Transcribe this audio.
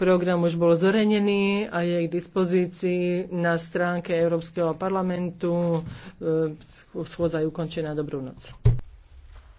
Program už bol zverejnený a je k dispozícii na stránke Európskeho parlamentu. E, schôdza je ukončená. Dobrú noc.